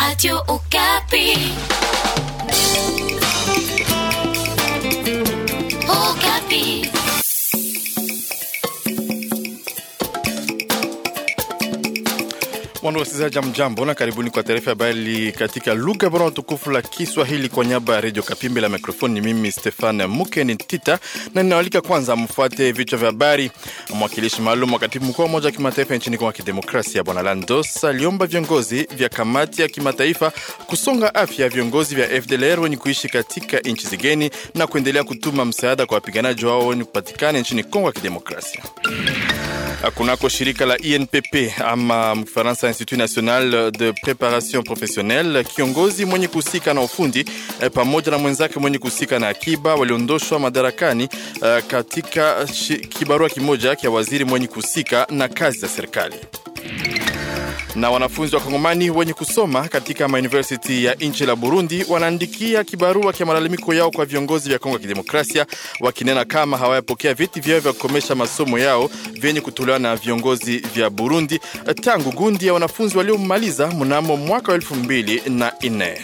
Radio Okapi. Wapendwa wasikilizaji, mjambo na karibuni kwa taarifa ya habari katika lugha bora tukufu la Kiswahili kwa niaba ya radio Kapimbi la mikrofoni. Mimi Stefan Mukeni Tita na ninawalika kwanza mfuate vichwa vya habari. Mwakilishi maalum wa katibu mkuu wa Umoja wa Kimataifa nchini Kongo ya Kidemokrasia Bwana Landos aliomba viongozi vya kamati ya kimataifa kusonga afya ya viongozi vya FDLR wenye kuishi katika nchi zigeni na kuendelea kutuma msaada kwa wapiganaji wao wenye kupatikana nchini Kongo ya Kidemokrasia. Euh, kunako shirika la INPP e ama Mfaransa Institut National de Preparation Professionnelle, kiongozi mwenye kuhusika na ufundi eh, pamoja na mwenzake mwenye kuhusika na akiba waliondoshwa madarakani eh, katika kibarua kimoja cha waziri mwenye kuhusika na kazi za serikali. Na wanafunzi wa Kongomani wenye kusoma katika mauniversity ya nchi la Burundi wanaandikia kibarua kya malalamiko yao kwa viongozi vya Kongo ya Kidemokrasia, wakinena kama hawayapokea vyeti vyao vya kukomesha masomo yao vyenye kutolewa na viongozi vya Burundi tangu gundi ya wanafunzi waliomaliza mnamo mwaka wa elfu mbili na nne.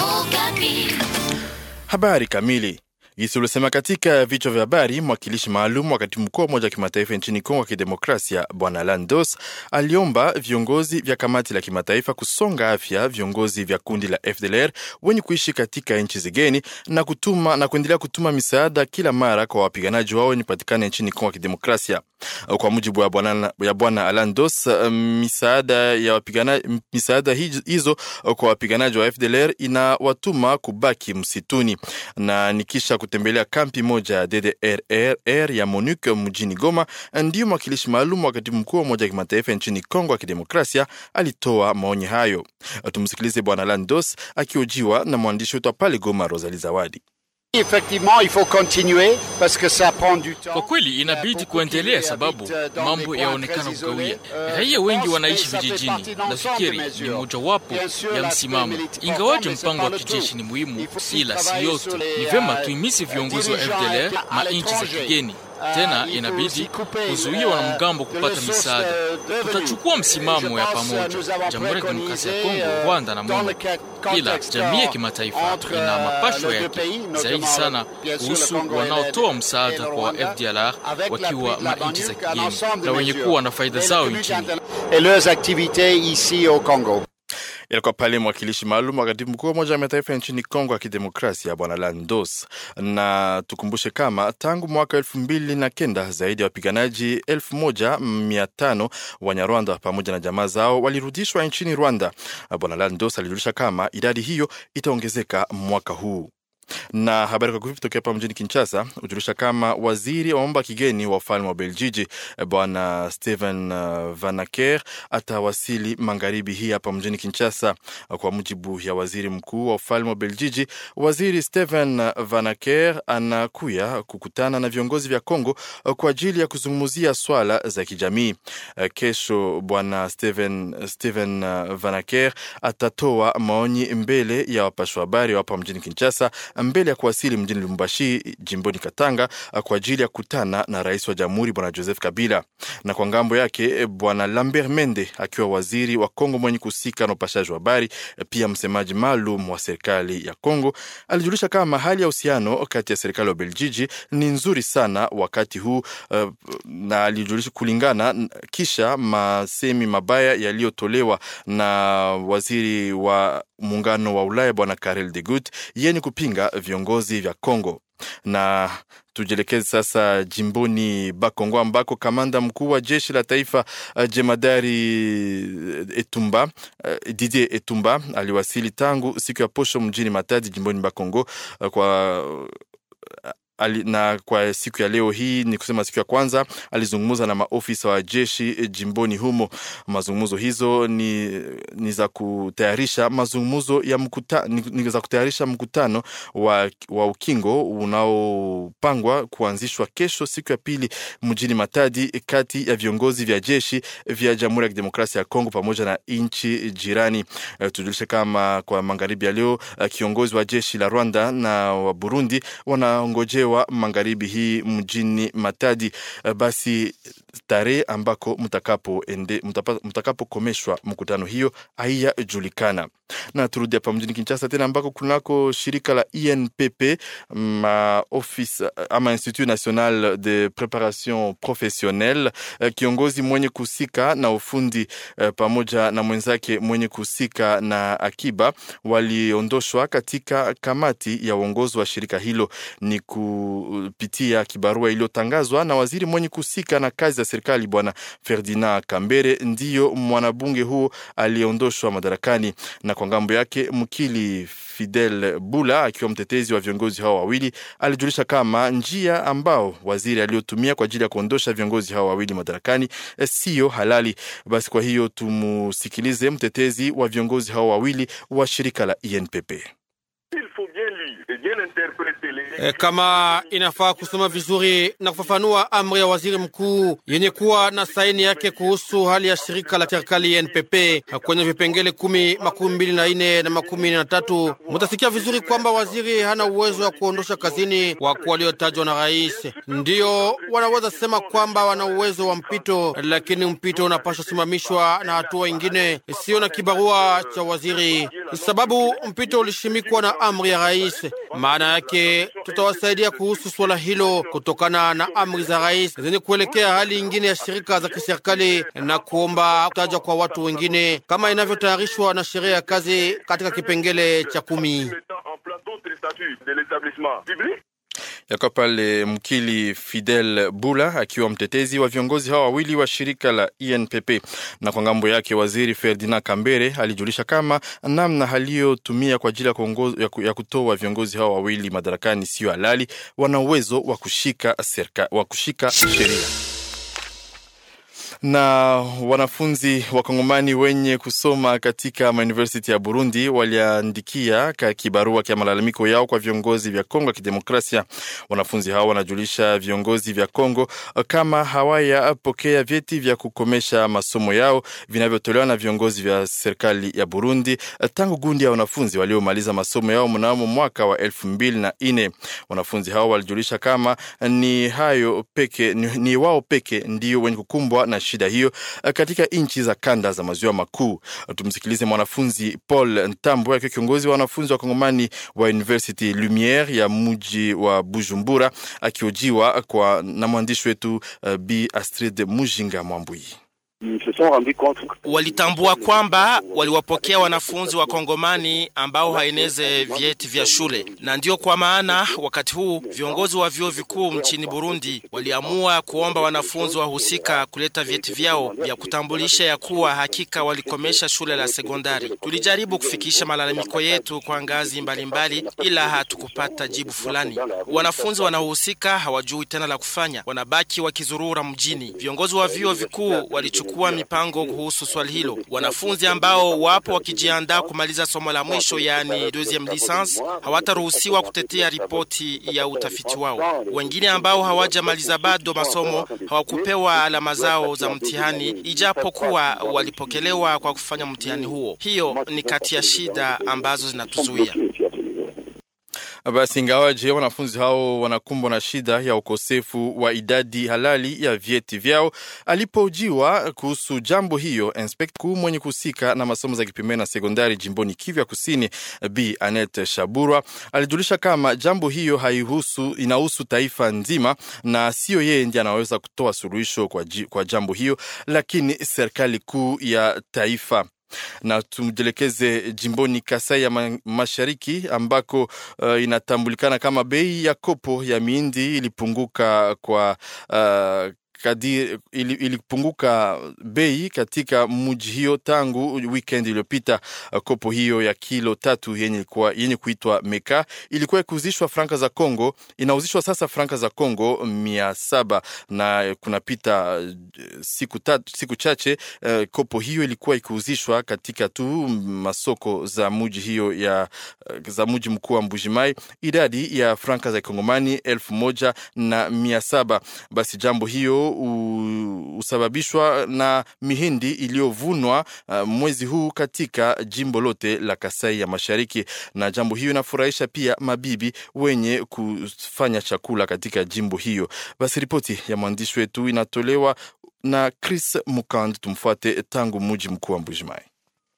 Oh, Habari kamili ulisema katika vichwa vya habari, mwakilishi maalum wa katibu mkuu wa Umoja wa Kimataifa nchini Kongo ya Kidemokrasia Bwana Landos aliomba viongozi vya kamati la kimataifa kusonga afya viongozi vya kundi la FDLR wenye kuishi katika nchi zigeni na kutuma na kuendelea kutuma misaada kila mara kwa wapiganaji wao wenye kupatikana nchini Kongo ya Kidemokrasia. Kwa mujibu ya Bwana Alandos, misaada ya wapigana, misaada hizo kwa wapiganaji wa FDLR inawatuma kubaki msituni na nikisha kutembelea kampi moja ya DDRR ya MONUC mjini Goma, ndiyo mwakilishi maalum wa katibu mkuu wa Umoja wa Kimataifa nchini Kongo ya Kidemokrasia alitoa maoni hayo. Tumsikilize Bwana Landos akiojiwa na mwandishi wetu pale Goma, Rosali Zawadi. Kwa kweli inabidi kuendelea, sababu mambo yaonekana kugawia. Euh, Raia wengi wanaishi vijijini, nafikiri ni mojawapo ya msimamo, ingawaje mpango wa kijeshi ni muhimu, ila si yote. Ni vyema euh, tuimisi viongozi wa FDLR na nchi za kigeni tena ah, inabidi kuzuia wanamgambo eh, kupata misaada. Eh, Tutachukua msimamo ya pamoja, Jamhuri ya Kidemokrasia ya Kongo, eh, Rwanda na Mungu, ila jamii ya kimataifa ina mapasho yake zaidi sana kuhusu wanaotoa msaada kwa wa FDLR wakiwa manchi za kigeni na wenye kuwa na faida zao nchini. Ilikuwa pale mwakilishi maalum wa katibu mkuu wa Umoja wa Mataifa nchini Kongo ya Kidemokrasia, Bwana Landos. Na tukumbushe kama tangu mwaka elfu mbili na kenda zaidi ya wapiganaji elfu moja mia tano Wanyarwanda pamoja na jamaa zao walirudishwa nchini Rwanda. Bwana Landos alijulisha kama idadi hiyo itaongezeka mwaka huu. Na habari kwa kifupi tokea hapa mjini Kinshasa hujulisha kama waziri wa mambo ya kigeni wa ufalme wa Beljiji bwana Steven uh, Vanaker atawasili magharibi hii hapa mjini Kinshasa. Kwa mujibu ya waziri mkuu wa ufalme wa Beljiji, waziri Steven uh, Vanaker anakuya kukutana na viongozi vya Kongo uh, kwa ajili ya kuzungumzia swala za kijamii. Kesho bwana Steven, Steven Vanaker atatoa maoni mbele ya wapashwa habari hapa mjini Kinshasa mbele ya kuwasili mjini Lubumbashi jimboni Katanga kwa ajili ya kutana na rais wa jamhuri bwana Joseph Kabila, na kwa ngambo yake bwana Lambert Mende akiwa waziri wa Kongo mwenye kuhusika na upashaji wa habari, pia msemaji maalum wa serikali ya Kongo, alijulisha kama hali ya uhusiano kati ya serikali ya Ubeljiji ni nzuri sana wakati huu eh, na alijulisha kulingana kisha masemi mabaya yaliyotolewa na waziri wa muungano wa Ulaya bwana Karel de Gucht yeni kupinga viongozi vya Kongo na tujielekeze sasa jimboni Bakongo ambako kamanda mkuu wa jeshi la taifa uh, jemadari uh, Etumba uh, Didier Etumba aliwasili tangu siku ya posho mjini Matadi jimboni Bakongo kwa ali, na kwa siku ya leo hii ni kusema siku ya kwanza alizungumza na maofisa wa jeshi eh, jimboni humo. Mazungumzo hizo ni, ni za kutayarisha mazungumzo ya mkuta, ni, ni za kutayarisha mkutano wa, wa ukingo unaopangwa kuanzishwa kesho siku ya pili mjini Matadi kati ya viongozi vya jeshi vya Jamhuri ya Kidemokrasia ya Kongo pamoja na nchi jirani. Eh, tujulishe kama kwa magharibi ya leo eh, kiongozi wa jeshi la Rwanda na wa Burundi wanaongojea wa magharibi hii mjini Matadi. Eh, basi tarehe ambako mtakapokomeshwa mtakapo mkutano hiyo haiyajulikana. Na turudi hapa mjini Kinshasa tena ambako kunako shirika la INPP e ma mm, office, ama Institut National de Preparation Professionnelle, e, kiongozi mwenye kusika na ufundi e, pamoja na mwenzake mwenye kusika na akiba waliondoshwa katika kamati ya uongozi wa shirika hilo, ni kupitia kibarua iliyotangazwa na waziri mwenye kusika na kazi za serikali bwana Ferdinand Kambere ndiyo mwanabunge huo aliyeondoshwa madarakani, na kwa ngambo yake mkili Fidel Bula akiwa mtetezi wa viongozi hao wawili alijulisha kama njia ambao waziri aliyotumia kwa ajili ya kuondosha viongozi hao wawili madarakani eh, siyo halali. Basi kwa hiyo tumusikilize mtetezi wa viongozi hao wawili wa shirika la INPP. E Eh, kama inafaa kusoma vizuri na kufafanua amri ya waziri mkuu yenye kuwa na saini yake kuhusu hali ya shirika la serikali NPP kwenye vipengele kumi, makumi mbili na ine na makumi na tatu. Mutasikia vizuri kwamba waziri hana uwezo wa kuondosha kazini wakuu waliotajwa na rais. Ndiyo wanaweza sema kwamba wana uwezo wa mpito, lakini mpito unapasha simamishwa na hatua ingine, sio na kibarua cha waziri sababu mpito ulishimikwa na amri ya rais. Maana yake tutawasaidia kuhusu swala hilo kutokana na amri za rais zenye kuelekea hali ingine ya shirika za kiserikali na kuomba kutaja kwa watu wengine kama inavyotayarishwa na sheria ya kazi katika kipengele cha kumi pale mkili Fidel Bula akiwa mtetezi wa viongozi hawa wawili wa shirika la INPP. E Na kwa ngambo yake, waziri Ferdinand Kambere alijulisha kama namna aliyotumia kwa ajili ya kutoa viongozi hawa wawili madarakani sio halali, wana uwezo wa kushika sheria na wanafunzi wakongomani wenye kusoma katika mauniversity ya Burundi waliandikia kibarua kya malalamiko yao kwa viongozi vya Kongo ya Kidemokrasia. Wanafunzi hao wanajulisha viongozi vya Kongo uh, kama hawayapokea vyeti vya kukomesha masomo yao vinavyotolewa na viongozi vya serikali ya Burundi uh, tangu gundi ya wanafunzi waliomaliza masomo yao mnamo mwaka wa elfu mbili na nne. Wanafunzi hao walijulisha kama ni hayo peke, ni, ni wao peke ndio wenye kukumbwa na shida hiyo eh, katika nchi za kanda za maziwa makuu. Tumsikilize mwanafunzi Paul Ntambwe akiwa kiongozi wa wanafunzi wa Kongomani wa University Lumiere ya muji wa Bujumbura, akiojiwa kwa na mwandishi wetu eh, Bi Astrid Mujinga Mwambui. Walitambua kwamba waliwapokea wanafunzi wa Kongomani ambao haeneze vyeti vya shule, na ndiyo kwa maana wakati huu viongozi wa vyuo vikuu nchini Burundi waliamua kuomba wanafunzi wahusika kuleta vyeti vyao vya kutambulisha ya kuwa hakika walikomesha shule la sekondari. Tulijaribu kufikisha malalamiko yetu kwa ngazi mbalimbali ila hatukupata jibu fulani. Wanafunzi wanaohusika hawajui tena la kufanya, wanabaki wakizurura mjini. Viongozi wa vyuo vikuu walichukua kuwa mipango kuhusu swali hilo. Wanafunzi ambao wapo wakijiandaa kumaliza somo la mwisho, yaani deuxième licence, hawataruhusiwa kutetea ripoti ya utafiti wao. Wengine ambao hawajamaliza bado masomo hawakupewa alama zao za mtihani, ijapokuwa walipokelewa kwa kufanya mtihani huo. Hiyo ni kati ya shida ambazo zinatuzuia. Basi ingawaje wanafunzi hao wanakumbwa na shida ya ukosefu wa idadi halali ya vyeti vyao, alipojiwa kuhusu jambo hiyo, inspekta kuu mwenye kuhusika na masomo za kiprimari na sekondari jimboni Kivu ya Kusini, b Anet Shaburwa alijulisha kama jambo hiyo haihusu, inahusu taifa nzima na siyo yeye ndiye anaweza kutoa suluhisho kwa, kwa jambo hiyo, lakini serikali kuu ya taifa na tumjelekeze jimboni Kasai ya Mashariki ambako uh, inatambulikana kama bei ya kopo ya mindi ilipunguka kwa uh, kadiri ilipunguka bei katika mji hiyo tangu weekend iliyopita. Kopo hiyo ya kilo tatu yenye, yenye kuitwa meka ilikuwa ikiuzishwa franka za Kongo, inauzishwa sasa franka za Kongo mia saba na kunapita siku, tatu, siku chache uh, kopo hiyo ilikuwa ikiuzishwa katika tu masoko za mji hiyo ya, eh, za mji mkuu wa Mbujimai idadi ya franka za kongomani elfu moja na mia saba. Basi jambo hiyo husababishwa na mihindi iliyovunwa uh, mwezi huu katika jimbo lote la Kasai ya Mashariki, na jambo hiyo inafurahisha pia mabibi wenye kufanya chakula katika jimbo hiyo. Basi ripoti ya mwandishi wetu inatolewa na Chris Mukand. Tumfuate tangu mji mkuu wa Mbujimai.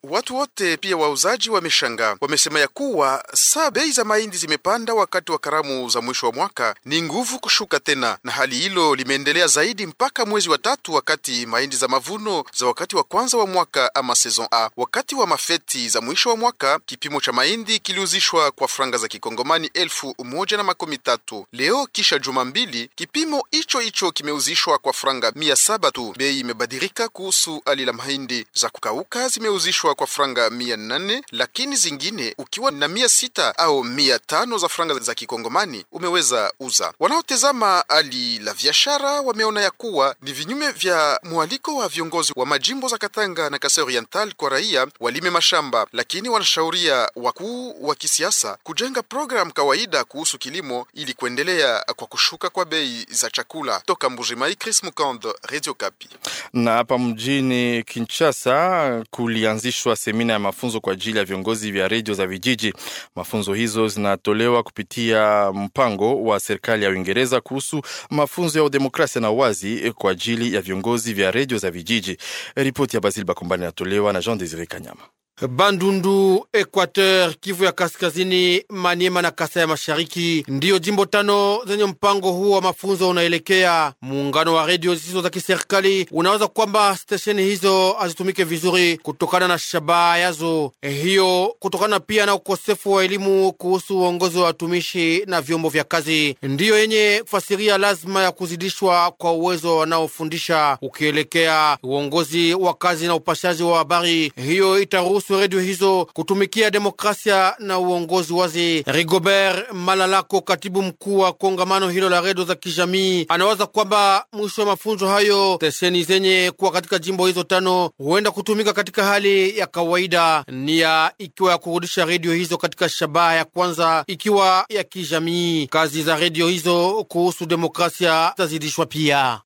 Watu wote pia wauzaji wameshangaa, wamesema ya kuwa saa bei za mahindi zimepanda wakati wa karamu za mwisho wa mwaka ni nguvu kushuka tena, na hali hilo limeendelea zaidi mpaka mwezi wa tatu, wakati mahindi za mavuno za wakati wa kwanza wa mwaka ama saison A. Wakati wa mafeti za mwisho wa mwaka kipimo cha mahindi kiliuzishwa kwa franga za kikongomani elfu moja na makumi tatu. Leo kisha juma mbili kipimo hicho hicho kimeuzishwa kwa franga mia saba tu. Bei imebadilika kuhusu hali la mahindi za kukauka zimeuzishwa kuuzwa kwa franga mia nane lakini zingine ukiwa na mia sita au mia tano za franga za kikongomani umeweza uza. Wanaotezama hali la biashara wameona ya kuwa ni vinyume vya mwaliko wa viongozi wa majimbo za Katanga na Kasai Oriental kwa raia walime mashamba, lakini wanashauria wakuu wa kisiasa kujenga programu kawaida kuhusu kilimo ili kuendelea kwa kushuka kwa bei za chakula. Toka Mbujimai, Chris Mukand, Radio Kapi. Na hapa mjini Kinshasa kulianzisha kuanzishwa semina ya mafunzo kwa ajili ya viongozi vya redio za vijiji. Mafunzo hizo zinatolewa kupitia mpango wa serikali ya Uingereza kuhusu mafunzo ya udemokrasia na uwazi kwa ajili ya viongozi vya redio za vijiji. Ripoti ya Basil Bakumbani inatolewa na Jean Desire Kanyama. Bandundu, Equateur, Kivu ya Kaskazini, Maniema na Kasa ya Mashariki ndiyo jimbo tano zenye mpango huo wa mafunzo unaelekea. Muungano wa redio zisizo za kiserikali unaweza kwamba stesheni hizo hazitumike vizuri kutokana na shabaha yazo, eh, hiyo kutokana pia na ukosefu wa elimu kuhusu uongozi wa watumishi na vyombo vya kazi, ndiyo yenye kufasiria lazima ya kuzidishwa kwa uwezo wanaofundisha ukielekea uongozi wa kazi na upashaji wa habari. Hiyo itaruhusu kuhusu redio hizo kutumikia demokrasia na uongozi wazi. Rigobert Malalako, katibu mkuu wa kongamano hilo la redio za kijamii, anawaza kwamba mwisho wa mafunzo hayo tesheni zenye kuwa katika jimbo hizo tano huenda kutumika katika hali ya kawaida, nia ikiwa ya kurudisha redio hizo katika shabaha ya kwanza, ikiwa ya kijamii. Kazi za redio hizo kuhusu demokrasia zitazidishwa pia.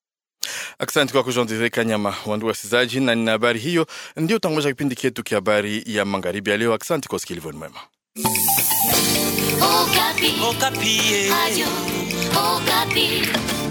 Asante kwa Jean Desire Kanyama. Wandugu wasikilizaji, na nina habari hiyo ndio utangoja kipindi chetu kia habari ya magharibi ya leo. Asante kwa usikilivu mwema. Okapi. Okapi. Eh.